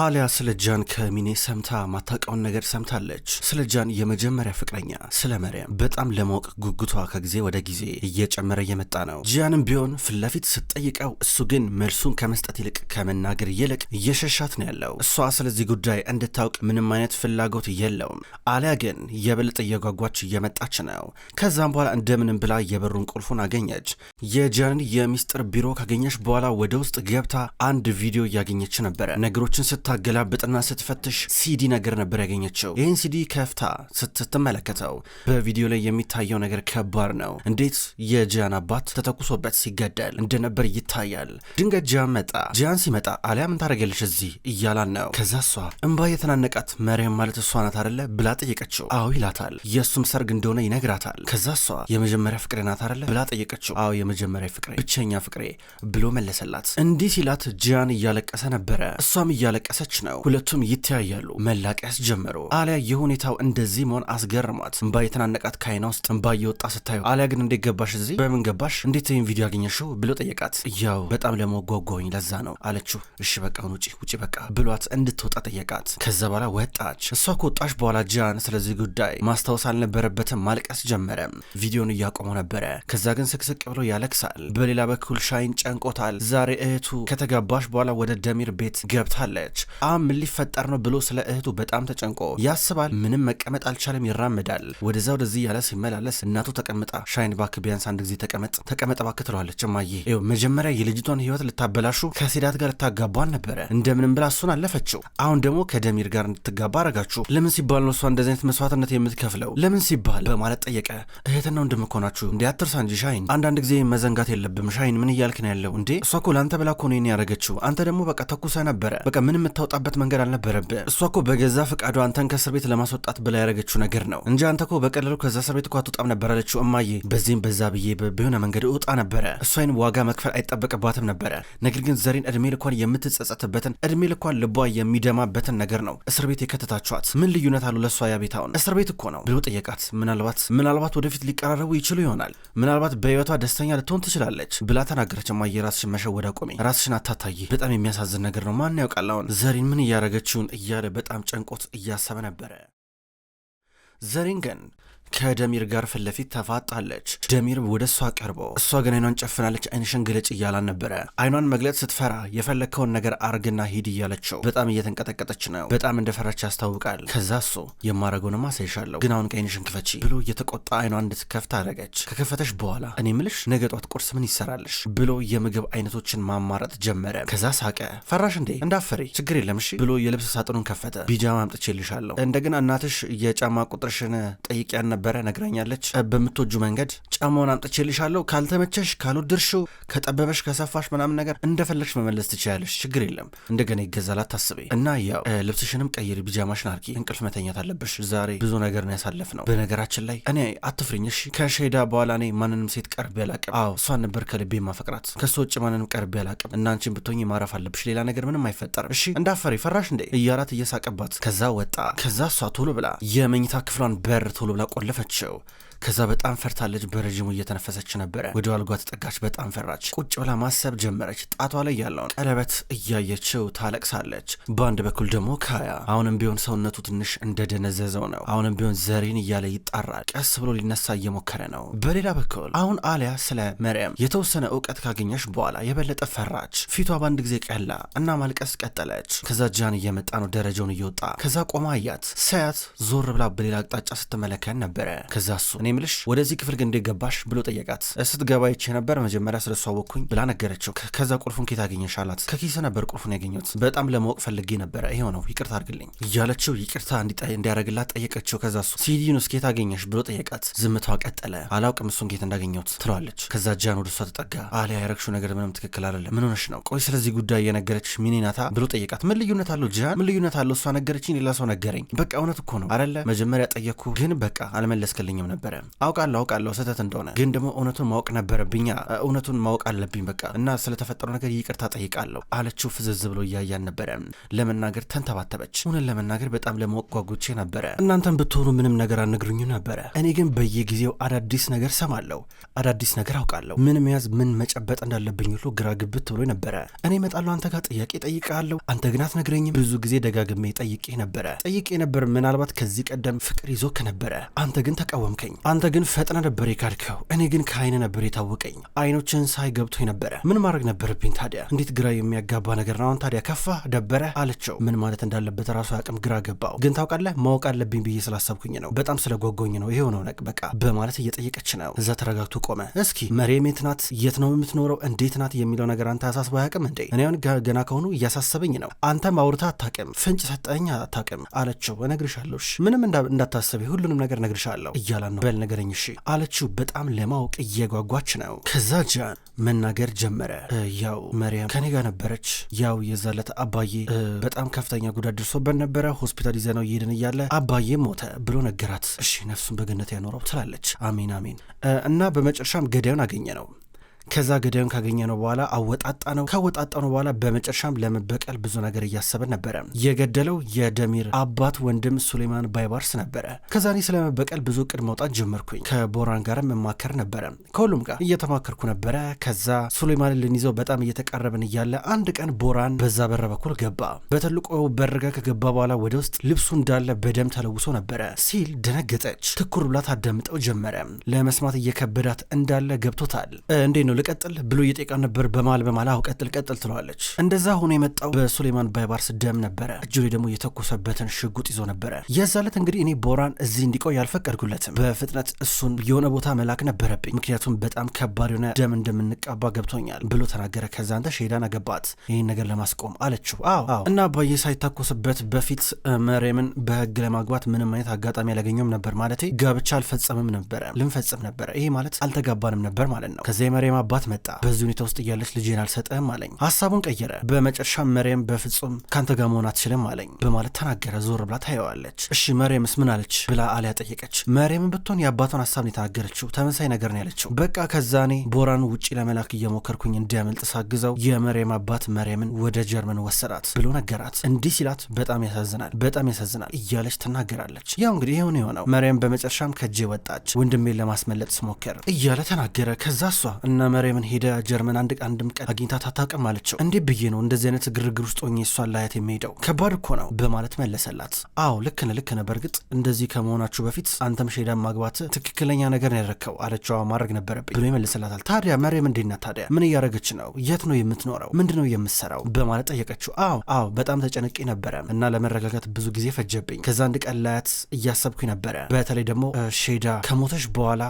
አሊያ ስለ ጃን ከሚኔ ሰምታ ማታቀውን ነገር ሰምታለች። ስለ ጃን የመጀመሪያ ፍቅረኛ ስለ መርያም በጣም ለማወቅ ጉጉቷ ከጊዜ ወደ ጊዜ እየጨመረ እየመጣ ነው። ጂያንም ቢሆን ፊት ለፊት ስትጠይቀው እሱ ግን መልሱን ከመስጠት ይልቅ ከመናገር ይልቅ እየሸሻት ነው ያለው። እሷ ስለዚህ ጉዳይ እንድታውቅ ምንም አይነት ፍላጎት የለውም። አሊያ ግን የበለጠ እየጓጓች እየመጣች ነው። ከዛም በኋላ እንደምንም ብላ የበሩን ቁልፉን አገኘች። የጂያንን የሚስጥር ቢሮ ካገኘች በኋላ ወደ ውስጥ ገብታ አንድ ቪዲዮ እያገኘች ነበረ ነገሮችን ስታገላብጥና ስትፈትሽ ሲዲ ነገር ነበር ያገኘችው። ይህን ሲዲ ከፍታ ስትመለከተው በቪዲዮ ላይ የሚታየው ነገር ከባድ ነው። እንዴት የጂያን አባት ተተኩሶበት ሲገደል እንደነበር ይታያል። ድንገት ጂያን መጣ። ጂያን ሲመጣ አሊያ ምን ታደርጊያለሽ እዚህ እያላን ነው። ከዛ እሷ እንባ የተናነቃት መሪያም ማለት እሷ ናት አይደለ ብላ ጠየቀችው። አዎ ይላታል። የእሱም ሰርግ እንደሆነ ይነግራታል። ከዛ እሷ የመጀመሪያ ፍቅሬ ናት አይደለ ብላ ጠየቀችው። አዎ የመጀመሪያ ፍቅሬ፣ ብቸኛ ፍቅሬ ብሎ መለሰላት። እንዲህ ሲላት ጂያን እያለቀሰ ነበረ፣ እሷም እያለቀሰ እያለቀሰች ነው። ሁለቱም ይተያያሉ። መላቀስ ጀመሩ። አሊያ የሁኔታው እንደዚህ መሆን አስገርሟት እንባ የተናነቃት ከአይና ውስጥ እንባ እየወጣ ስታዩ አሊያ ግን እንዴት ገባሽ እዚህ በምን ገባሽ እንዴት ይህን ቪዲዮ ያገኘሽው ብሎ ጠየቃት። ያው በጣም ለመጓጓኝ ለዛ ነው አለችው። እሺ በቃ አሁን ውጪ ውጪ በቃ ብሏት እንድትወጣ ጠየቃት። ከዛ በኋላ ወጣች። እሷ ከወጣች በኋላ ጃን ስለዚህ ጉዳይ ማስታወስ አልነበረበትም። ማልቀስ ጀመረ። ቪዲዮን እያቆመው ነበረ። ከዛ ግን ስቅስቅ ብሎ ያለቅሳል። በሌላ በኩል ሻይን ጨንቆታል። ዛሬ እህቱ ከተጋባሽ በኋላ ወደ ደሚር ቤት ገብታለች። ነበረች። አ ምን ሊፈጠር ነው ብሎ ስለ እህቱ በጣም ተጨንቆ ያስባል። ምንም መቀመጥ አልቻለም። ይራመዳል ወደዛ ወደዚህ ያለ ሲመላለስ እናቱ ተቀምጣ ሻይን ባክ ቢያንስ አንድ ጊዜ ተቀመጥ ተቀመጠ ባክ ትለዋለች። እማዬ ይኸው መጀመሪያ የልጅቷን ህይወት ልታበላሹ ከሴዳት ጋር ልታጋቧን ነበረ። እንደምንም ብላ እሱን አለፈችው። አሁን ደግሞ ከደሚር ጋር እንድትጋባ አረጋችሁ። ለምን ሲባል ነው እሷ እንደዚህ አይነት መስዋዕትነት የምትከፍለው ለምን ሲባል በማለት ጠየቀ። እህትና ወንድምኮናችሁ እንዲ አትርሳ እንጂ ሻይን፣ አንዳንድ ጊዜ መዘንጋት የለብም ሻይን። ምን እያልክ ነው ያለው እንዴ? እሷ እኮ ለአንተ ብላ እኮ ነው ያደረገችው። አንተ ደግሞ በቃ ተኩሰ ነበረ። በቃ ምንም የምታወጣበት መንገድ አልነበረብህ። እሷ እኮ በገዛ ፈቃዷ አንተን ከእስር ቤት ለማስወጣት ብላ ያደረገችው ነገር ነው እንጂ አንተ እኮ በቀላሉ ከዛ እስር ቤት እኮ አትወጣም ነበር አለችው። እማዬ በዚህም በዛ ብዬ በሆነ መንገድ እወጣ ነበረ። እሷይን ዋጋ መክፈል አይጠበቅባትም ነበረ። ነገር ግን ዘሬን እድሜ ልኳን የምትጸጸትበትን እድሜ ልኳን ልቧ የሚደማበትን ነገር ነው እስር ቤት የከተታችኋት። ምን ልዩነት አሉ ለእሷ ያ ቤታውን እስር ቤት እኮ ነው ብሎ ጠየቃት። ምናልባት ምናልባት ወደፊት ሊቀራረቡ ይችሉ ይሆናል። ምናልባት በህይወቷ ደስተኛ ልትሆን ትችላለች ብላ ተናገረች። እማዬ ራስሽን መሸወድ አቆሚ፣ ራስሽን አታታይ። በጣም የሚያሳዝን ነገር ነው። ማን ያውቃል አሁን ዘሪን ምን እያደረገችውን እያለ በጣም ጨንቆት እያሰበ ነበረ። ዘሪን ግን ከደሚር ጋር ፊት ለፊት ተፋጣለች። ደሚር ወደ እሷ ቀርቦ እሷ ግን አይኗን ጨፍናለች። አይንሽን ግለጭ እያላን ነበረ። አይኗን መግለጽ ስትፈራ የፈለግከውን ነገር አርግና ሂድ እያለችው በጣም እየተንቀጠቀጠች ነው። በጣም እንደፈራች ያስታውቃል። ከዛ እሱ የማረገውን ማሳይሻለሁ፣ ግን አሁን ቀይንሽን ክፈቺ ብሎ እየተቆጣ አይኗን እንድትከፍት አረገች። ከከፈተች በኋላ እኔ ምልሽ ነገ ጧት ቁርስ ምን ይሰራልሽ ብሎ የምግብ አይነቶችን ማማረጥ ጀመረ። ከዛ ሳቀ። ፈራሽ እንዴ እንዳፈሪ ችግር የለም እሺ ብሎ የልብስ ሳጥኑን ከፈተ። ቢጃማ አምጥቼልሻለሁ። እንደገና እናትሽ የጫማ ቁጥርሽን ጠይቂያን ነበረ ነግረኛለች በምትወጁ መንገድ ጫማውን አምጥቼልሻለሁ፣ ካልተመቸሽ፣ ካልወደድሽው፣ ከጠበበሽ፣ ከሰፋሽ ምናምን ነገር እንደፈለግሽ መመለስ ትችላለሽ። ችግር የለም እንደገና ይገዛል። አታስቢ እና ያው ልብስሽንም ቀይሪ፣ ብጃማሽን አርጊ፣ እንቅልፍ መተኛት አለብሽ። ዛሬ ብዙ ነገር ነው ያሳለፍነው። በነገራችን ላይ እኔ አትፍሪኝሽ፣ ከሸዳ በኋላ እኔ ማንንም ሴት ቀርቤ አላቅም። አዎ እሷን ነበር ከልቤ ማፈቅራት። ከሱ ውጭ ማንንም ቀርቤ አላቅም። እናንቺን ብትሆኝ ማረፍ አለብሽ። ሌላ ነገር ምንም አይፈጠርም። እሺ እንዳፈሪ ፈራሽ እንዴ? እያላት እየሳቀባት ከዛ ወጣ። ከዛ እሷ ቶሎ ብላ የመኝታ ክፍሏን በር ቶሎ ብላ ቆለፈችው። ከዛ በጣም ፈርታለች። በረዥሙ እየተነፈሰች ነበረ። ወደ አልጓ ተጠጋች። በጣም ፈራች። ቁጭ ብላ ማሰብ ጀመረች። ጣቷ ላይ ያለውን ቀለበት እያየችው ታለቅሳለች። በአንድ በኩል ደግሞ ካያ አሁንም ቢሆን ሰውነቱ ትንሽ እንደደነዘዘው ነው። አሁንም ቢሆን ዘሬን እያለ ይጣራል። ቀስ ብሎ ሊነሳ እየሞከረ ነው። በሌላ በኩል አሁን አሊያ ስለ መርያም የተወሰነ እውቀት ካገኘች በኋላ የበለጠ ፈራች። ፊቷ በአንድ ጊዜ ቀላ እና ማልቀስ ቀጠለች። ከዛ ጃን እየመጣ ነው፣ ደረጃውን እየወጣ ከዛ ቆማ አያት። ሳያት ዞር ብላ በሌላ አቅጣጫ ስትመለከት ነበረ። ከዛ እሱ እኔ ምልሽ ወደዚህ ክፍል ግን እንዴት ገባሽ ብሎ ጠየቃት። ስትገባ ይቼ ነበር መጀመሪያ ስለሷ ወኩኝ ብላ ነገረችው። ከዛ ቁልፉን ኬት አገኘሽ አላት። ከኪስ ነበር ቁልፉን ያገኘት። በጣም ለማወቅ ፈልጌ ነበረ፣ ይሄው ነው ይቅርታ አድርግልኝ እያለችው ይቅርታ እንዲያደርግላት ጠየቀችው። ከዛ እሱ ሲዲኑስ ኬት አገኘሽ ብሎ ጠየቃት። ዝምታዋ ቀጠለ። አላውቅም እሱን ኬት እንዳገኘት ትለዋለች። ከዛ ጃን ወደ እሷ ተጠጋ። አሊያ ያረግሽው ነገር ምንም ትክክል አይደለም። ምን ሆነሽ ነው? ቆይ ስለዚህ ጉዳይ የነገረች ሚኔ ናታ ብሎ ጠየቃት። ምን ልዩነት አለው ጃን? ምን ልዩነት አለው? እሷ ነገረችኝ፣ ሌላ ሰው ነገረኝ። በቃ እውነት እኮ ነው አደለ? መጀመሪያ ጠየቅኩ ግን በቃ አልመለስክልኝም ነበረ አውቃለሁ አውቃለሁ ስህተት እንደሆነ ግን ደግሞ እውነቱን ማወቅ ነበረብኛ። እውነቱን ማወቅ አለብኝ በቃ እና ስለተፈጠረው ነገር ይቅርታ ጠይቃለሁ አለችው። ፍዝዝ ብሎ እያያን ነበረ። ለመናገር ተንተባተበች። እውነት ለመናገር በጣም ለማወቅ ጓጉቼ ነበረ። እናንተን ብትሆኑ ምንም ነገር አነግሩኝ ነበረ። እኔ ግን በየጊዜው አዳዲስ ነገር ሰማለሁ፣ አዳዲስ ነገር አውቃለሁ። ምን መያዝ ምን መጨበጥ እንዳለብኝ ሁሉ ግራ ግብት ብሎ ነበረ። እኔ እመጣለሁ አንተ ጋር ጥያቄ ጠይቃለሁ፣ አንተ ግን አትነግረኝም። ብዙ ጊዜ ደጋግሜ ጠይቄ ነበረ ጠይቄ ነበር። ምናልባት ከዚህ ቀደም ፍቅር ይዞ ከነበረ አንተ ግን ተቃወምከኝ። አንተ ግን ፈጥነ ነበር የካድከው፣ እኔ ግን ከአይነ ነበር የታወቀኝ። አይኖችን ሳይ ገብቶ ነበረ። ምን ማድረግ ነበረብኝ ታዲያ? እንዴት ግራ የሚያጋባ ነገር ነው። አሁን ታዲያ ከፋ ደበረ አለችው። ምን ማለት እንዳለበት ራሱ አቅም ግራ ገባው። ግን ታውቃለህ፣ ማወቅ አለብኝ ብዬ ስላሰብኩኝ ነው፣ በጣም ስለጓጓኝ ነው። ይሄው ነው ነቅ በቃ በማለት እየጠየቀች ነው። እዛ ተረጋግቶ ቆመ። እስኪ መሬም የት ናት? የት ነው የምትኖረው? እንዴት ናት የሚለው ነገር አንተ አሳስበ አያውቅም እንዴ? እኔ አሁን ገና ከሆኑ እያሳሰበኝ ነው። አንተ ማውርታ አታውቅም፣ ፍንጭ ሰጠኝ አታውቅም አለችው። እነግርሻለሽ፣ ምንም እንዳታስቢ፣ ሁሉንም ነገር እነግርሻለሁ እያላን ነው ነገረኝ እሺ አለችው። በጣም ለማወቅ እየጓጓች ነው። ከዛ ጃን መናገር ጀመረ። ያው መርያም ከኔ ጋር ነበረች። ያው የዛለት አባዬ በጣም ከፍተኛ ጉዳት ደርሶበት ነበረ። ሆስፒታል ይዘነው እየሄድን እያለ አባዬ ሞተ ብሎ ነገራት። እሺ ነፍሱን በገነት ያኖረው ትላለች። አሜን አሜን። እና በመጨረሻም ገዳዩን አገኘ ነው ከዛ ገዳዩን ካገኘ ነው በኋላ አወጣጣ ነው ካወጣጣ ነው በኋላ በመጨረሻም ለመበቀል ብዙ ነገር እያሰበ ነበረ። የገደለው የደሚር አባት ወንድም ሱሌማን ባይባርስ ነበረ። ከዛ እኔ ስለመበቀል ብዙ እቅድ መውጣት ጀመርኩኝ። ከቦራን ጋር መማከር ነበረ። ከሁሉም ጋር እየተማከርኩ ነበረ። ከዛ ሱሌማንን ልንይዘው በጣም እየተቃረብን እያለ አንድ ቀን ቦራን በዛ በር በኩል ገባ። በትልቁ በር ጋር ከገባ በኋላ ወደ ውስጥ ልብሱ እንዳለ በደም ተለውሶ ነበረ ሲል ደነገጠች። ትኩር ብላ ታዳምጠው ጀመረ። ለመስማት እየከበዳት እንዳለ ገብቶታል። እንዴ ነው ልቀጥል ብሎ እየጠቃ ነበር። በማል በማል አሁ ቀጥል ቀጥል ትለዋለች። እንደዛ ሆኖ የመጣው በሱሌማን ባይባርስ ደም ነበረ። እጁ ላይ ደግሞ የተኮሰበትን ሽጉጥ ይዞ ነበረ። የዛለት እንግዲህ እኔ ቦራን እዚህ እንዲቆይ አልፈቀድኩለትም። በፍጥነት እሱን የሆነ ቦታ መላክ ነበረብኝ፣ ምክንያቱም በጣም ከባድ የሆነ ደም እንደምንቀባ ገብቶኛል ብሎ ተናገረ። ከዛ አንተ ሼዳን አገባት ይህን ነገር ለማስቆም አለችው። አዎ አዎ። እና ባየ ሳይታኮስበት በፊት መሬምን በህግ ለማግባት ምንም አይነት አጋጣሚ አላገኘም ነበር። ማለቴ ጋብቻ አልፈጸምም ነበረ፣ ልንፈጽም ነበረ። ይሄ ማለት አልተጋባንም ነበር ማለት ነው። ከዚያ የመሬማ አባት መጣ። በዚህ ሁኔታ ውስጥ እያለች ልጄን አልሰጠህም አለኝ። ሀሳቡን ቀየረ። በመጨረሻ መሬም በፍጹም ከአንተ ጋር መሆን አትችልም አለኝ በማለት ተናገረ። ዞር ብላ ታየዋለች። እሺ መሪየምስ ምን አለች ብላ አሊያ ጠየቀች። መሪየምን ብትሆን የአባቷን ሀሳብ የተናገረችው። ተመሳይ ነገር ነው ያለችው። በቃ ከዛ ቦራን ውጭ ለመላክ እየሞከርኩኝ እንዲያመልጥ ሳግዘው የመሪየም አባት መሬምን ወደ ጀርመን ወሰዳት ብሎ ነገራት። እንዲህ ሲላት በጣም ያሳዝናል፣ በጣም ያሳዝናል እያለች ትናገራለች። ያው እንግዲህ ይሁን የሆነው መሪየም በመጨረሻም ከጄ ወጣች። ወንድሜን ለማስመለጥ ስሞከር እያለ ተናገረ። ከዛ እሷ እና መሬምን ሄደ ጀርመን አንድ አንድም ቀን አግኝታት አታውቅም አለችው። እንዴ ብዬ ነው እንደዚህ አይነት ግርግር ውስጥ ሆኜ እሷን ላያት የሚሄደው ከባድ እኮ ነው በማለት መለሰላት። አዎ ልክ ነህ ልክ ነህ፣ በእርግጥ እንደዚህ ከመሆናችሁ በፊት አንተም ሼዳን ማግባት ትክክለኛ ነገር ነው ያደረከው አለችዋ። ማድረግ ነበረብኝ ብሎ ይመልስላታል። ታዲያ መሬም እንዴና ታዲያ ምን እያደረገች ነው? የት ነው የምትኖረው? ምንድን ነው የምትሰራው? በማለት ጠየቀችው። አዎ አዎ በጣም ተጨነቂ ነበረ እና ለመረጋጋት ብዙ ጊዜ ፈጀብኝ። ከዛ አንድ ቀን ላያት እያሰብኩኝ ነበረ። በተለይ ደግሞ ሼዳ ከሞተች በኋላ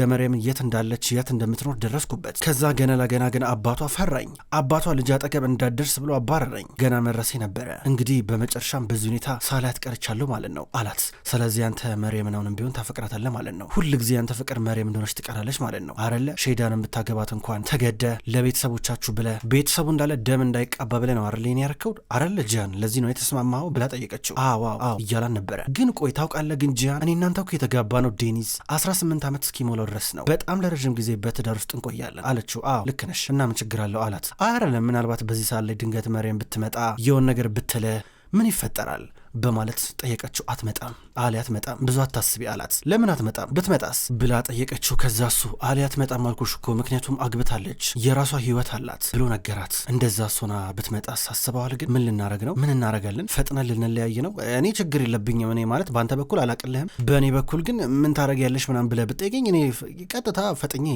የመሬም የት እንዳለች የት እንደምትኖር ደረስኩበት ነበረበት። ከዛ ገና ለገና ግን አባቷ ፈራኝ። አባቷ ልጅ አጠገብ እንዳደርስ ብሎ አባረረኝ። ገና መድረሴ ነበረ። እንግዲህ በመጨረሻም በዚህ ሁኔታ ሳላያት ቀርቻለሁ ማለት ነው አላት። ስለዚህ አንተ መርየምን ነውንም ቢሆን ታፈቅራታለህ ማለት ነው። ሁልጊዜ አንተ ፍቅር መርየም እንደሆነች ትቀራለች ማለት ነው አረለ ሼዳን የምታገባት እንኳን ተገደ ለቤተሰቦቻችሁ ብለ ቤተሰቡ እንዳለ ደም እንዳይቀባ ብለ ነው አረለ ኔ ያርከው አረለ ጂያን፣ ለዚህ ነው የተስማማው ብላ ጠየቀችው። አዎ አዎ እያላን ነበረ። ግን ቆይ ታውቃለህ ግን ጂያን፣ እኔ እናንተ እኮ የተጋባ ነው ዴኒዝ 18 ዓመት እስኪሞላው ድረስ ነው። በጣም ለረዥም ጊዜ በትዳር ውስጥ እንቆያለን እንችላለን አለችው። አዎ ልክ ነሽ እና ምን ችግር አለው አላት። አይደለም ምናልባት በዚህ ሰዓት ላይ ድንገት መሬም ብትመጣ የሆን ነገር ብትለ ምን ይፈጠራል? በማለት ጠየቀችው። አትመጣም አለ። አትመጣም ብዙ አታስቢ አላት። ለምን አትመጣም ብትመጣስ ብላ ጠየቀችው። ከዛ እሱ አለ አትመጣም አልኩሽ እኮ ምክንያቱም አግብታለች የራሷ ህይወት አላት ብሎ ነገራት። እንደዛ ሶና ብትመጣስ አስበዋል። ግን ምን ልናረግ ነው? ምን እናረጋለን? ፈጥነን ልንለያይ ነው? እኔ ችግር የለብኝም። እኔ ማለት በአንተ በኩል አላቅልህም፣ በእኔ በኩል ግን ምን ታረግ ያለሽ ምናምን ብለህ ብጠይቀኝ እኔ ቀጥታ ፈጥኜ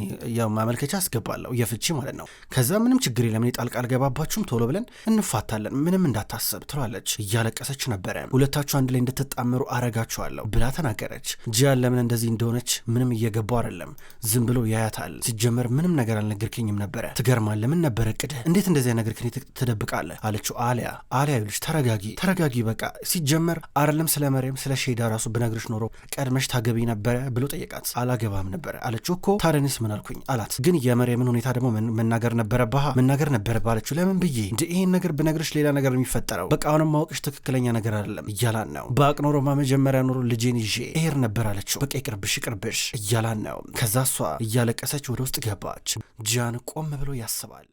ማመልከቻ አስገባለሁ የፍቺ ማለት ነው። ከዛ ምንም ችግር የለም እኔ ጣልቃ አልገባባችሁም፣ ቶሎ ብለን እንፋታለን፣ ምንም እንዳታሰብ ትሏለች። እያለቀሰች ነበረ ሁለታችሁ አንድ ላይ እንድትጣመሩ አረጋችኋለሁ ብላ ተናገረች። ጂያን ለምን እንደዚህ እንደሆነች ምንም እየገባው አይደለም። ዝም ብሎ ያያታል። ሲጀመር ምንም ነገር አልነገርክኝም ነበረ። ትገርማለህ። ምን ነበረ እቅድህ? እንዴት እንደዚያ ነገር ክን ትደብቃለህ? አለችው አሊያ። አሊያ ይሉች ተረጋጊ፣ ተረጋጊ በቃ ሲጀመር አይደለም ስለ መሬም ስለ ሼዳ ራሱ ብነግርሽ ኖሮ ቀድመሽ ታገቢ ነበረ ብሎ ጠየቃት። አላገባም ነበረ አለችው። እኮ ታደኒስ ምን አልኩኝ አላት። ግን የመሬምን ሁኔታ ደግሞ መናገር ነበረብህ መናገር ነበረብህ አለችው። ለምን ብዬ እንደ ይሄን ነገር ብነግርሽ ሌላ ነገር የሚፈጠረው በቃ አሁንም ማወቅሽ ትክክለኛ ነገር አለ አይደለም እያላን ነው። በአቅኖሮማ መጀመሪያ ኑሮ ልጄን ይዤ እሄድ ነበር አለችው። በቃ ይቅርብሽ ይቅርብሽ እያላን ነው። ከዛ እሷ እያለቀሰች ወደ ውስጥ ገባች። ጃን ቆም ብሎ ያስባል።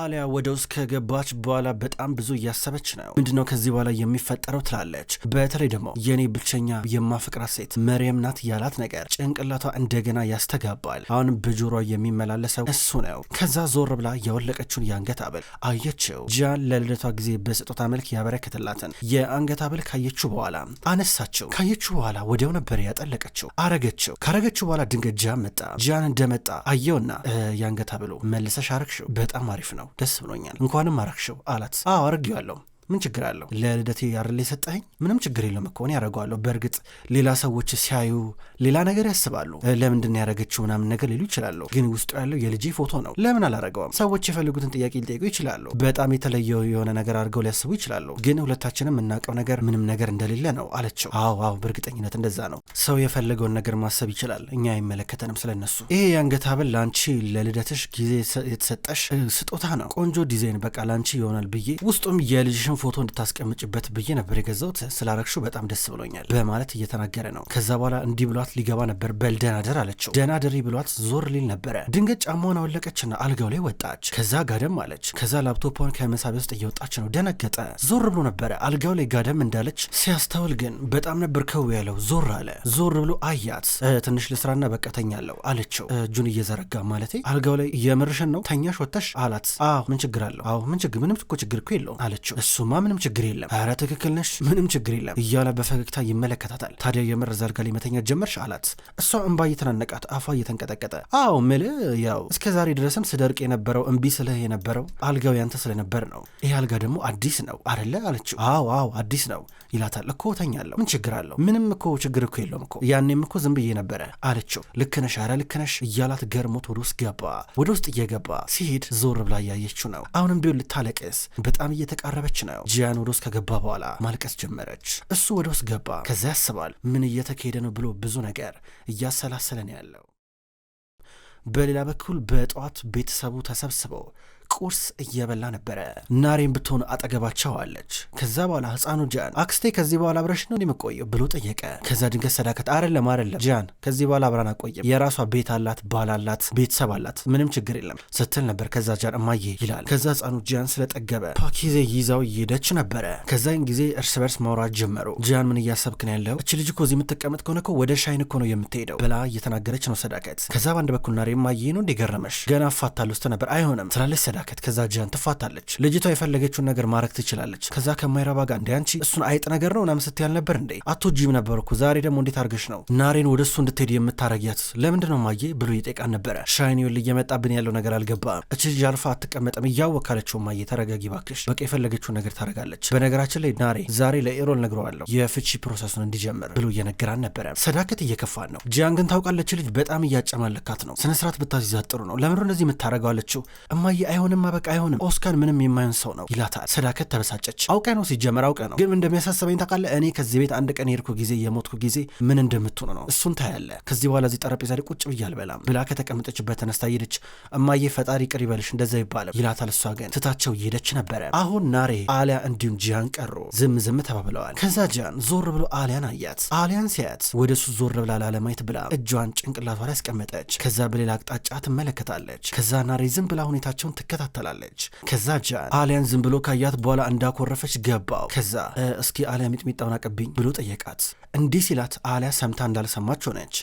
አሊያ ወደ ውስጥ ከገባች በኋላ በጣም ብዙ እያሰበች ነው። ምንድነው ከዚህ በኋላ የሚፈጠረው ትላለች። በተለይ ደግሞ የኔ ብቸኛ የማፍቅራት ሴት መሪየም ናት ያላት ነገር ጭንቅላቷ እንደገና ያስተጋባል። አሁንም በጆሮ የሚመላለሰው እሱ ነው። ከዛ ዞር ብላ ያወለቀችውን የአንገት ሀብል አየችው። ጃን ለልደቷ ጊዜ በስጦታ መልክ ያበረከተላትን የአንገት ሀብል ካየችው በኋላ አነሳችው። ካየችው በኋላ ወዲያው ነበር ያጠለቀችው። አረገችው። ካረገችው በኋላ ድንገት ጃን መጣ። ጃን እንደመጣ አየውና የአንገት ሀብሉ መልሰሽ አረግሽው፣ በጣም አሪፍ ነው ነው። ደስ ብሎኛል። እንኳንም አረግሽው አላት። አዎ አረጊዋለሁ ምን ችግር አለው? ለልደቴ ያርል የሰጠኸኝ ምንም ችግር የለውም እኮ እኔ ያደርገዋለሁ። በእርግጥ ሌላ ሰዎች ሲያዩ ሌላ ነገር ያስባሉ። ለምንድን ያደረገችው ምናምን ነገር ሊሉ ይችላሉ። ግን ውስጡ ያለው የልጄ ፎቶ ነው። ለምን አላረገውም? ሰዎች የፈልጉትን ጥያቄ ሊጠይቁ ይችላሉ። በጣም የተለየ የሆነ ነገር አድርገው ሊያስቡ ይችላሉ። ግን ሁለታችንም የምናውቀው ነገር ምንም ነገር እንደሌለ ነው አለችው። አዎ አዎ፣ በእርግጠኝነት እንደዛ ነው። ሰው የፈለገውን ነገር ማሰብ ይችላል። እኛ አይመለከተንም ስለነሱ። ይሄ የአንገት ሀብል ለአንቺ ለልደትሽ ጊዜ የተሰጠሽ ስጦታ ነው። ቆንጆ ዲዛይን በቃ ለአንቺ ይሆናል ብዬ ውስጡም የልጅሽን የልጅሽን ፎቶ እንድታስቀምጭበት ብዬ ነበር የገዛሁት ስላረግሹ በጣም ደስ ብሎኛል በማለት እየተናገረ ነው። ከዛ በኋላ እንዲህ ብሏት ሊገባ ነበር። በል ደናደር አለችው። ደናደሪ ብሏት ዞር ሊል ነበረ። ድንገት ጫማውን አወለቀችና አልጋው ላይ ወጣች። ከዛ ጋደም አለች። ከዛ ላፕቶፖን ከመሳቢያ ውስጥ እየወጣች ነው። ደነገጠ። ዞር ብሎ ነበረ አልጋው ላይ ጋደም እንዳለች ሲያስተውል ግን በጣም ነበር ከው ያለው። ዞር አለ። ዞር ብሎ አያት። ትንሽ ልስራና በቀተኛ አለው አለችው። እጁን እየዘረጋ ማለቴ አልጋው ላይ የምርሽን ነው ተኛሽ ወተሽ አላት። አዎ ምን ችግር አለው? አዎ ምን ችግር ምንም እኮ ችግር እኮ የለውም አለችው። እሱ እሱማ ምንም ችግር የለም፣ አረ ትክክል ነሽ፣ ምንም ችግር የለም እያለ በፈገግታ ይመለከታታል። ታዲያ የምር ዘርጋ ላይ መተኛት ጀመርሽ አላት። እሷ እምባ እየተናነቃት አፏ እየተንቀጠቀጠ አዎ ምል ያው እስከ ዛሬ ድረስም ስደርቅ የነበረው እምቢ ስልህ የነበረው አልጋው ያንተ ስለነበር ነው። ይህ አልጋ ደግሞ አዲስ ነው አደለ አለችው። አዎ አዎ አዲስ ነው ይላታል። እኮ ተኛለሁ፣ ምን ችግር አለው? ምንም እኮ ችግር እኮ የለውም እኮ ያኔም እኮ ዝም ብዬ ነበረ አለችው። ልክ ነሽ፣ ልክነሽ ልክ ነሽ እያላት ገርሞት ወደ ውስጥ ገባ። ወደ ውስጥ እየገባ ሲሄድ ዞር ብላ እያየችው ነው። አሁንም ቢሆን ልታለቅስ በጣም እየተቃረበች ነው። ነው። ጂያን ወደ ውስጥ ከገባ በኋላ ማልቀስ ጀመረች። እሱ ወደ ውስጥ ገባ። ከዚያ ያስባል። ምን እየተካሄደ ነው ብሎ ብዙ ነገር እያሰላሰለ ነው ያለው። በሌላ በኩል በጠዋት ቤተሰቡ ተሰብስበው ቁርስ እየበላ ነበረ። ናሬም ብትሆን አጠገባቸው አለች። ከዛ በኋላ ህፃኑ ጃን አክስቴ ከዚህ በኋላ አብረሽ ነው እንደምቆየው ብሎ ጠየቀ። ከዛ ድንገት ሰዳከት አይደለም አይደለም፣ ጃን ከዚህ በኋላ አብራን አቆየም የራሷ ቤት አላት፣ ባል አላት፣ ቤተሰብ አላት፣ ምንም ችግር የለም ስትል ነበር። ከዛ ጃን እማዬ ይላል። ከዛ ህፃኑ ጃን ስለጠገበ ፓኪዜ ይዛው እየሄደች ነበረ። ከዛን ጊዜ እርስ በርስ ማውራት ጀመሩ። ጃን ምን እያሰብክን ያለው እች ልጅ እኮ እዚህ የምትቀመጥ ከሆነ እኮ ወደ ሻይን እኮ ነው የምትሄደው ብላ እየተናገረች ነው ሰዳከት። ከዛ በአንድ በኩል ናሬ እማዬ ነው እንደገረመሽ ገና አፋታል ውስጥ ነበር አይሆንም ትላለች ሰዳከት አትመለከት። ከዛ ጂያን ትፋታለች። ልጅቷ የፈለገችውን ነገር ማድረግ ትችላለች። ከዛ ከማይረባ ጋር እንደ አንቺ እሱን አይጥ ነገር ነው ምናምን ስትያል ነበር እንዴ? አቶ ጂም ነበርኩ። ዛሬ ደግሞ እንዴት አድርገሽ ነው ናሬን ወደ እሱ እንድትሄድ የምታረጊያት ለምንድን ነው ማየ ብሎ ይጠይቃን ነበረ። ሻይኒውን እየመጣብን ያለው ነገር አልገባም። እች ልጅ አልፋ አትቀመጥም እያወካለችው ማየ ተረጋጊ ባክሽ። በቃ የፈለገችውን ነገር ታረጋለች። በነገራችን ላይ ናሬ ዛሬ ለኤሮል ነግረዋለሁ የፍቺ ፕሮሰሱን እንዲጀምር ብሎ እየነገራን ነበረ። ሰዳከት እየከፋን ነው። ጂያን ግን ታውቃለች ልጅ በጣም እያጨማለካት ነው። ስነስርዓት ብታዚዛት ጥሩ ነው። ለምንድ እንደዚህ የምታረገዋለችው እማየ አይሆነ ምንም በቃ አይሆንም፣ ኦስካር ምንም የማይሆን ሰው ነው ይላታል። ሰዳከት ተበሳጨች። አውቀ ነው ሲጀመር አውቀ ነው፣ ግን እንደሚያሳስበኝ ታውቃለህ። እኔ ከዚህ ቤት አንድ ቀን የሄድኩ ጊዜ የሞትኩ ጊዜ ምን እንደምትሆን ነው እሱን ታያለ። ከዚህ በኋላ እዚህ ጠረጴዛ ላይ ቁጭ ብዬ አልበላም ብላ ከተቀመጠችበት ተነስታ ሄደች። እማዬ ፈጣሪ ቅር ይበልሽ እንደዛ ይባላል ይላታል። እሷ ግን ትታቸው እየሄደች ነበረ። አሁን ናሬ አሊያ እንዲሁም ጂያን ቀሩ። ዝም ዝም ተባብለዋል። ከዛ ጂያን ዞር ብሎ አሊያን አያት። አሊያን ሲያት ወደ እሱ ዞር ብላ ላለማየት ብላ እጇን ጭንቅላቷ ላይ አስቀመጠች። ከዛ በሌላ አቅጣጫ ትመለከታለች። ከዛ ናሬ ዝም ብላ ሁኔታቸውን ትከታ ትከታተላለች። ከዛ ጃን አሊያን ዝም ብሎ ካያት በኋላ እንዳኮረፈች ገባው። ከዛ እስኪ አሊያ ሚጥሚጣውን አቀብኝ ብሎ ጠየቃት። እንዲህ ሲላት አሊያ ሰምታ እንዳልሰማች ሆነች።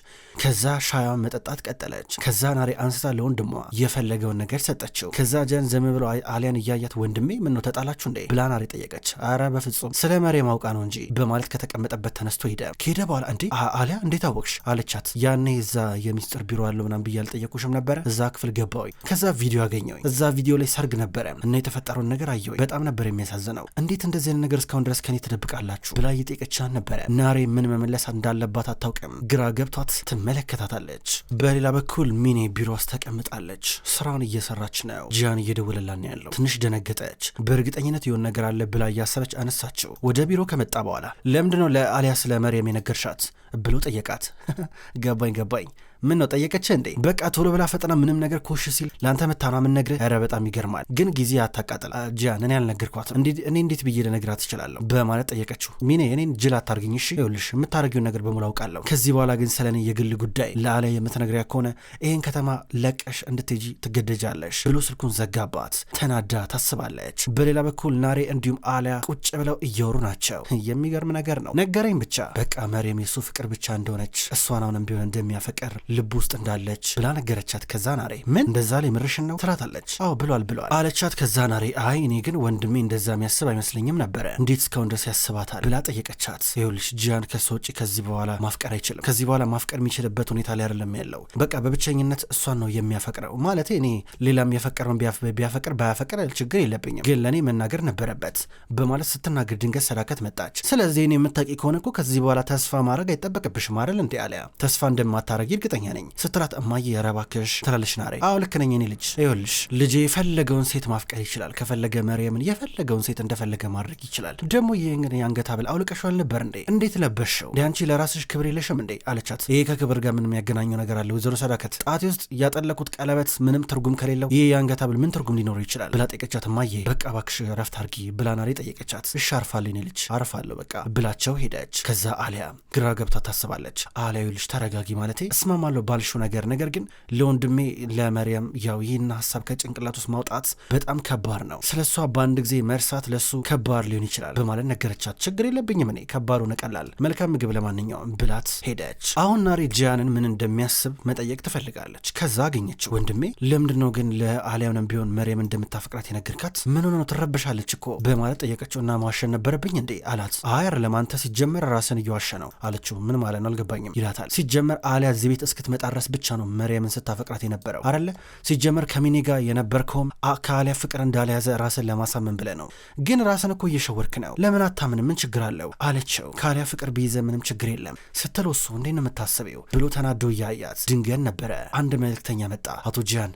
ከዛ ሻያን መጠጣት ቀጠለች። ከዛ ናሬ አንስታ ለወንድሟ የፈለገውን ነገር ሰጠችው። ከዛ ጀን ዘም ብሎ አሊያን እያያት ወንድሜ ምን ነው ተጣላችሁ እንዴ ብላ ናሬ ጠየቀች። አረ በፍጹም ስለ መሬ ማውቃ ነው እንጂ በማለት ከተቀመጠበት ተነስቶ ሄደ። ከሄደ በኋላ እንዴ አሊያ እንዴት አወቅሽ አለቻት። ያኔ እዛ የሚስጥር ቢሮ አለው ምናም ብዬ አልጠየቁሽም ነበረ? እዛ ክፍል ገባሁኝ። ከዛ ቪዲዮ አገኘሁኝ። እዛ ቪዲዮ ላይ ሰርግ ነበረ እና የተፈጠረውን ነገር አየሁኝ። በጣም ነበር የሚያሳዝነው። እንዴት እንደዚህ ነገር እስካሁን ድረስ ከኔ ትደብቃላችሁ ብላ እየጠየቀቻን ነበረ ናሬ ምን መመለስ እንዳለባት አታውቅም። ግራ ገብቷት ትመለከታታለች። በሌላ በኩል ሚኔ ቢሮ ውስጥ ተቀምጣለች። ስራውን እየሰራች ነው። ጂያን እየደወለላን ያለው ትንሽ ደነገጠች። በእርግጠኝነት የሆነ ነገር አለ ብላ እያሰበች አነሳችው። ወደ ቢሮ ከመጣ በኋላ ለምንድነው ለአሊያ ስለ መርየም የነገርሻት? ብሎ ጠየቃት። ገባኝ ገባኝ። ምን ነው ጠየቀች እንዴ? በቃ ቶሎ ብላ ፈጠና ምንም ነገር ኮሽ ሲል ለአንተ መታና ምን ነግረ ረ በጣም ይገርማል። ግን ጊዜ አታቃጥል ጂያን፣ እኔ አልነገርኳትም እኔ እንዴት ብዬ ልነግራት እችላለሁ? በማለት ጠየቀችው። ሚኔ እኔን ጅል አታርግኝ እሺ። ይኸውልሽ የምታደርጊውን ነገር በሙሉ አውቃለሁ። ከዚህ በኋላ ግን ስለኔ የግል ጉዳይ ለአለ የምትነግሪያ ከሆነ ይህን ከተማ ለቀሽ እንድትሄጂ ትገደጃለሽ ብሎ ስልኩን ዘጋባት። ተናዳ ታስባለች። በሌላ በኩል ናሬ እንዲሁም አሊያ ቁጭ ብለው እያወሩ ናቸው። የሚገርም ነገር ነው ነገረኝ ብቻ በቃ መሬም የሱ ፍቅር ፍቅር ብቻ እንደሆነች እሷን አሁንም ቢሆን እንደሚያፈቅር ልብ ውስጥ እንዳለች ብላ ነገረቻት። ከዛ ናሬ ምን እንደዛ ላይ ምርሽን ነው ትላታለች። አዎ ብሏል ብሏል አለቻት። ከዛ ናሬ አይ እኔ ግን ወንድሜ እንደዛ የሚያስብ አይመስለኝም ነበረ እንዴት እስካሁን ድረስ ያስባታል ብላ ጠየቀቻት። ይኸውልሽ ጂያን ከሷ ውጭ ከዚህ በኋላ ማፍቀር አይችልም። ከዚህ በኋላ ማፍቀር የሚችልበት ሁኔታ ላይ አይደለም ያለው። በቃ በብቸኝነት እሷን ነው የሚያፈቅረው። ማለት እኔ ሌላም የፈቀረውን ቢያፈቅር ባያፈቅር ችግር የለብኝም፣ ግን ለእኔ መናገር ነበረበት በማለት ስትናገር ድንገት ሰዳከት መጣች። ስለዚህ እኔ የምታውቂ ከሆነ እኮ ከዚህ በኋላ ተስፋ ማድረግ አይጠ አይጠበቅብሽም አይደል እንዴ አሊያ ተስፋ እንደማታረጊ እርግጠኛ ነኝ ስትላት እማዬ ኧረ እባክሽ ትላለች ናሬ አዎ ልክ ነኝ እኔ ልጅ ይኸውልሽ ልጄ የፈለገውን ሴት ማፍቀር ይችላል ከፈለገ መርየምን የፈለገውን ሴት እንደፈለገ ማድረግ ይችላል ደግሞ ይህ እንግዲህ የአንገት ሐብል አውልቀሽዋል ነበር እንዴ እንዴት ለበሽው ዲያንቺ ለራስሽ ክብር የለሽም እንዴ አለቻት ይሄ ከክብር ጋር ምን የሚያገናኘው ነገር አለ ወይዘሮ ሰዳከት ጣቴ ውስጥ ያጠለኩት ቀለበት ምንም ትርጉም ከሌለው ይህ የአንገት ሐብል ምን ትርጉም ሊኖረው ይችላል ብላ ጠየቀቻት እማዬ በቃ ባክሽ ረፍት አርጊ ብላ ናሬ ጠየቀቻት እሺ አርፋለሁ እኔ ልጅ አርፋለሁ በቃ ብላቸው ሄደች ከዛ አሊያ ግራ ገብታ ታስባለች። አላዩ ልጅ ተረጋጊ ማለቴ እስማማለሁ ባልሹ ነገር፣ ነገር ግን ለወንድሜ ለመርያም ያው ይህን ሀሳብ ከጭንቅላት ውስጥ ማውጣት በጣም ከባድ ነው። ስለ እሷ በአንድ ጊዜ መርሳት ለሱ ከባድ ሊሆን ይችላል በማለት ነገረቻት። ችግር የለብኝም እኔ ከባድ ሆነ ቀላል፣ መልካም ምግብ ለማንኛውም ብላት ሄደች። አሁን ናሬ ጂያንን ምን እንደሚያስብ መጠየቅ ትፈልጋለች። ከዛ አገኘችው። ወንድሜ ለምንድን ነው ግን ለአሊያምንም ቢሆን መርያም እንደምታፈቅራት የነገርካት? ምን ሆነ ነው ትረበሻለች እኮ በማለት ጠየቀችው። እና ማሸን ነበረብኝ እንዴ አላት። አያር ለማንተ ሲጀመር ራስን እየዋሸ ነው አለችው። ምን ማለት ነው አልገባኝም ይላታል። ሲጀመር አሊያ እዚህ ቤት እስክትመጣ ድረስ ብቻ ነው መርየምን ስታፈቅራት የነበረው አይደለ? ሲጀመር ከሚኔ ጋር የነበርከውም ከአሊያ ፍቅር እንዳልያዘ ራስን ለማሳመን ብለ ነው። ግን ራስን እኮ እየሸወርክ ነው። ለምን አታምንም? ምን ችግር አለው አለችው። ከአሊያ ፍቅር ቢይዘ ምንም ችግር የለም ስትል እሱ እንዴት ነው የምታስበው ብሎ ተናዶ እያያት ድንገን ነበረ አንድ መልእክተኛ መጣ። አቶ ጂያን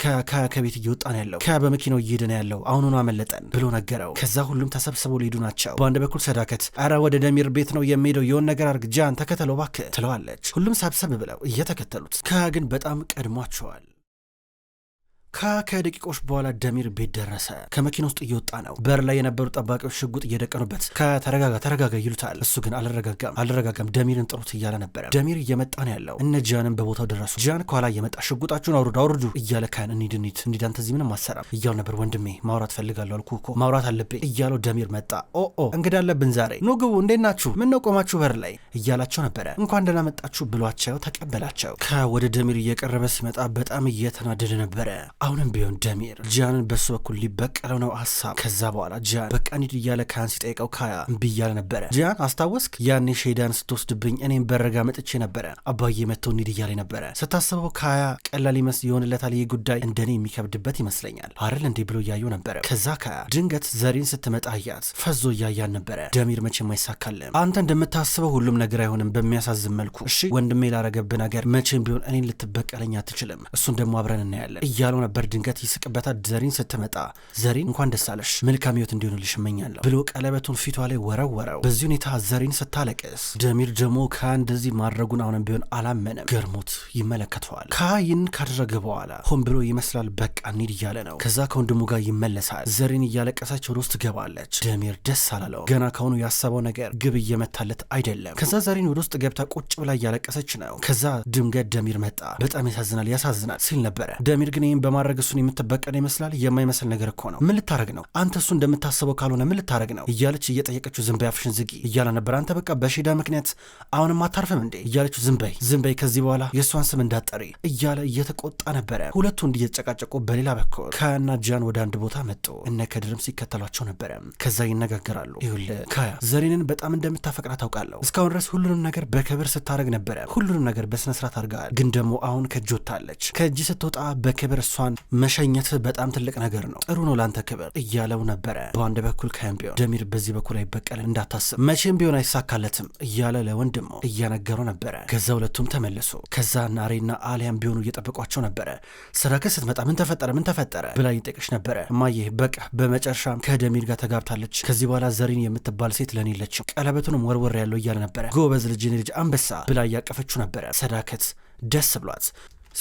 ከቤት እየወጣ ነው ያለው፣ በመኪናው እየሄደ ነው ያለው፣ አሁኑኑ አመለጠን ብሎ ነገረው። ከዛ ሁሉም ተሰብስበው ሊሄዱ ናቸው። በአንድ በኩል ሰዳከት አረ ወደ ደሚር ቤት ነው የሚሄደው፣ የሆን ነገር አርግ ጂያን ተከተለው እባክህ ትለዋለች። ሁሉም ሰብሰብ ብለው እየተከተሉት ከያ ግን በጣም ቀድሟቸዋል። ከደቂቆች በኋላ ደሚር ቤት ደረሰ። ከመኪና ውስጥ እየወጣ ነው። በር ላይ የነበሩ ጠባቂዎች ሽጉጥ እየደቀኑበት ከተረጋጋ ተረጋጋ ይሉታል። እሱ ግን አልረጋጋም አልረጋጋም። ደሚርን ጥሩት እያለ ነበረ። ደሚር እየመጣ ነው ያለው። እነ ጂያንም በቦታው ደረሱ። ጃን ከኋላ እየመጣ ሽጉጣችሁን አውርዱ አውርዱ እያለ ካን እኒድኒት እንዲድ አንተ እዚህ ምንም አሰራም እያሉ ነበር። ወንድሜ ማውራት ፈልጋለሁ አልኩ እኮ ማውራት አለብኝ እያለው ደሚር መጣ። ኦ ኦ እንግዳ አለብን ዛሬ ኑ ግቡ፣ እንዴት ናችሁ? ነው ቆማችሁ በር ላይ እያላቸው ነበረ። እንኳን ደህና መጣችሁ ብሏቸው ተቀበላቸው። ከወደ ደሚር እየቀረበ ሲመጣ በጣም እየተናደደ ነበረ። አሁንም ቢሆን ደሚር ጃንን በሱ በኩል ሊበቀለው ነው ሀሳብ። ከዛ በኋላ ጃን በቃ እንሂድ እያለ ካያን ሲጠይቀው ካያ እምቢ እያለ ነበረ። ጃን አስታወስክ? ያኔ ሼዳን ስትወስድብኝ እኔም በረጋ መጥቼ ነበረ። አባዬ መጥተው እንሂድ እያለ ነበረ። ስታስበው ካያ ቀላል ይመስል የሆንለታል ይህ ጉዳይ እንደኔ የሚከብድበት ይመስለኛል አይደል እንዴ ብሎ እያየው ነበረ። ከዛ ካያ ድንገት ዘሪን ስትመጣ አያት ፈዞ እያያን ነበረ። ደሚር መቼም አይሳካልም፣ አንተ እንደምታስበው ሁሉም ነገር አይሆንም። በሚያሳዝን መልኩ እሺ ወንድሜ ላረገብ ነገር መቼም ቢሆን እኔን ልትበቀለኝ አትችልም። እሱን ደግሞ አብረን እናያለን እያለው ነበር ነበር። ድንገት ይስቅበታል። ዘሪን ስትመጣ ዘሪን እንኳን ደስ አለሽ፣ መልካም ህይወት እንዲሆንልሽ እመኛለሁ ብሎ ቀለበቱን ፊቷ ላይ ወረወረው። በዚህ ሁኔታ ዘሪን ስታለቅስ፣ ደሚር ደግሞ ካ እንደዚህ ማድረጉን አሁንም ቢሆን አላመነም። ገርሞት ይመለከተዋል። ካ ይህን ካደረገ በኋላ ሆን ብሎ ይመስላል በቃ እንሂድ እያለ ነው። ከዛ ከወንድሙ ጋር ይመለሳል። ዘሪን እያለቀሰች ወደ ውስጥ ገባለች። ደሚር ደስ አላለው። ገና ከሆኑ ያሰበው ነገር ግብ እየመታለት አይደለም። ከዛ ዘሪን ወደ ውስጥ ገብታ ቁጭ ብላ እያለቀሰች ነው። ከዛ ድንገት ደሚር መጣ። በጣም ያሳዝናል ያሳዝናል ሲል ነበረ። ደሚር ግን ይህም ለማድረግ እሱን የምትበቀል ይመስላል። የማይመስል ነገር እኮ ነው። ምን ልታደረግ ነው አንተ? እሱ እንደምታስበው ካልሆነ ምን ልታደረግ ነው እያለች እየጠየቀችው ዝንበይ አፍሽን ዝጊ እያለ ነበር። አንተ በቃ በሺዳ ምክንያት አሁንም አታርፍም እንዴ እያለችው ዝንበይ ዝንበይ ከዚህ በኋላ የእሷን ስም እንዳጠሪ እያለ እየተቆጣ ነበረ። ሁለቱ እንዲየተጨቃጨቁ በሌላ በኩል ከያና ጃን ወደ አንድ ቦታ መጡ። እነ ከድርም ሲከተሏቸው ነበረ። ከዛ ይነጋገራሉ። ይሁል ከያ ዘሬንን በጣም እንደምታፈቅራ ታውቃለሁ። እስካሁን ድረስ ሁሉንም ነገር በክብር ስታደርግ ነበረ። ሁሉንም ነገር በስነስርዓት አድርገሃል። ግን ደግሞ አሁን ከእጅ ወጥታለች። ከእጅ ስትወጣ በክብር እሷ እሷን መሸኘት በጣም ትልቅ ነገር ነው፣ ጥሩ ነው ለአንተ ክብር እያለው ነበረ። በአንድ በኩል ካምፒዮን ደሚር በዚህ በኩል አይበቀል እንዳታስብ፣ መቼም ቢሆን አይሳካለትም እያለ ለወንድሙ እያነገረው ነበረ። ከዛ ሁለቱም ተመለሱ። ከዛ ናሬና አሊያም ቢሆኑ እየጠበቋቸው ነበረ። ሰራከ ስትመጣ ምን ተፈጠረ ምን ተፈጠረ ብላ ይጠቅሽ ነበረ። እማዬ በቃ በመጨረሻም ከደሚር ጋር ተጋብታለች። ከዚህ በኋላ ዘሪን የምትባል ሴት ለኔ የለችም፣ ቀለበቱንም ወርወር ያለው እያለ ነበረ። ጎበዝ ልጅ ልጅ አንበሳ ብላ እያቀፈችው ነበረ። ሰዳከት ደስ ብሏት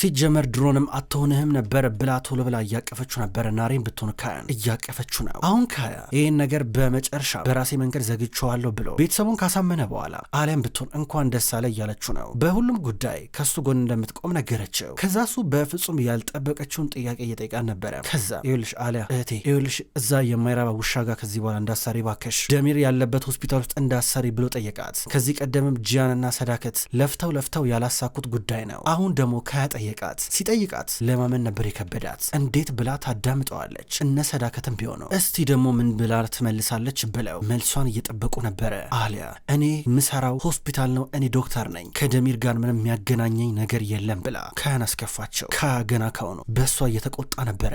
ሲጀመር ድሮንም አትሆንህም ነበር ብላ ቶሎ ብላ እያቀፈችው ነበር። ናሬን ብትሆን ካያን እያቀፈችው ነው። አሁን ካያ ይህን ነገር በመጨረሻ በራሴ መንገድ ዘግቼዋለሁ ብሎ ቤተሰቡን ካሳመነ በኋላ አሊያን ብትሆን እንኳን ደስ አለ እያለችው ነው። በሁሉም ጉዳይ ከሱ ጎን እንደምትቆም ነገረችው። ከዛ እሱ በፍጹም ያልጠበቀችውን ጥያቄ እየጠየቃን ነበረ። ከዛ ይኸውልሽ አሊያ እህቴ፣ ይኸውልሽ እዛ የማይራባ ውሻ ጋር ከዚህ በኋላ እንዳሰሪ ባከሽ፣ ደሚር ያለበት ሆስፒታል ውስጥ እንዳሰሪ ብሎ ጠየቃት። ከዚህ ቀደምም ጂያንና ሰዳከት ለፍተው ለፍተው ያላሳኩት ጉዳይ ነው። አሁን ደግሞ ካያ ጠየቃት። ሲጠይቃት ለማመን ነበር የከበዳት። እንዴት ብላ ታዳምጠዋለች። እነ ሰዳከትም ቢሆኑ እስቲ ደግሞ ምን ብላ ትመልሳለች ብለው መልሷን እየጠበቁ ነበረ። አሊያ እኔ ምሰራው ሆስፒታል ነው፣ እኔ ዶክተር ነኝ፣ ከደሚር ጋር ምንም የሚያገናኘኝ ነገር የለም ብላ ካያን አስከፋቸው። ካያ ገና ካሁኑ በእሷ እየተቆጣ ነበረ።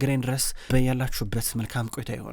እስከምንገናኝ ድረስ በያላችሁበት መልካም ቆይታ ይሆን።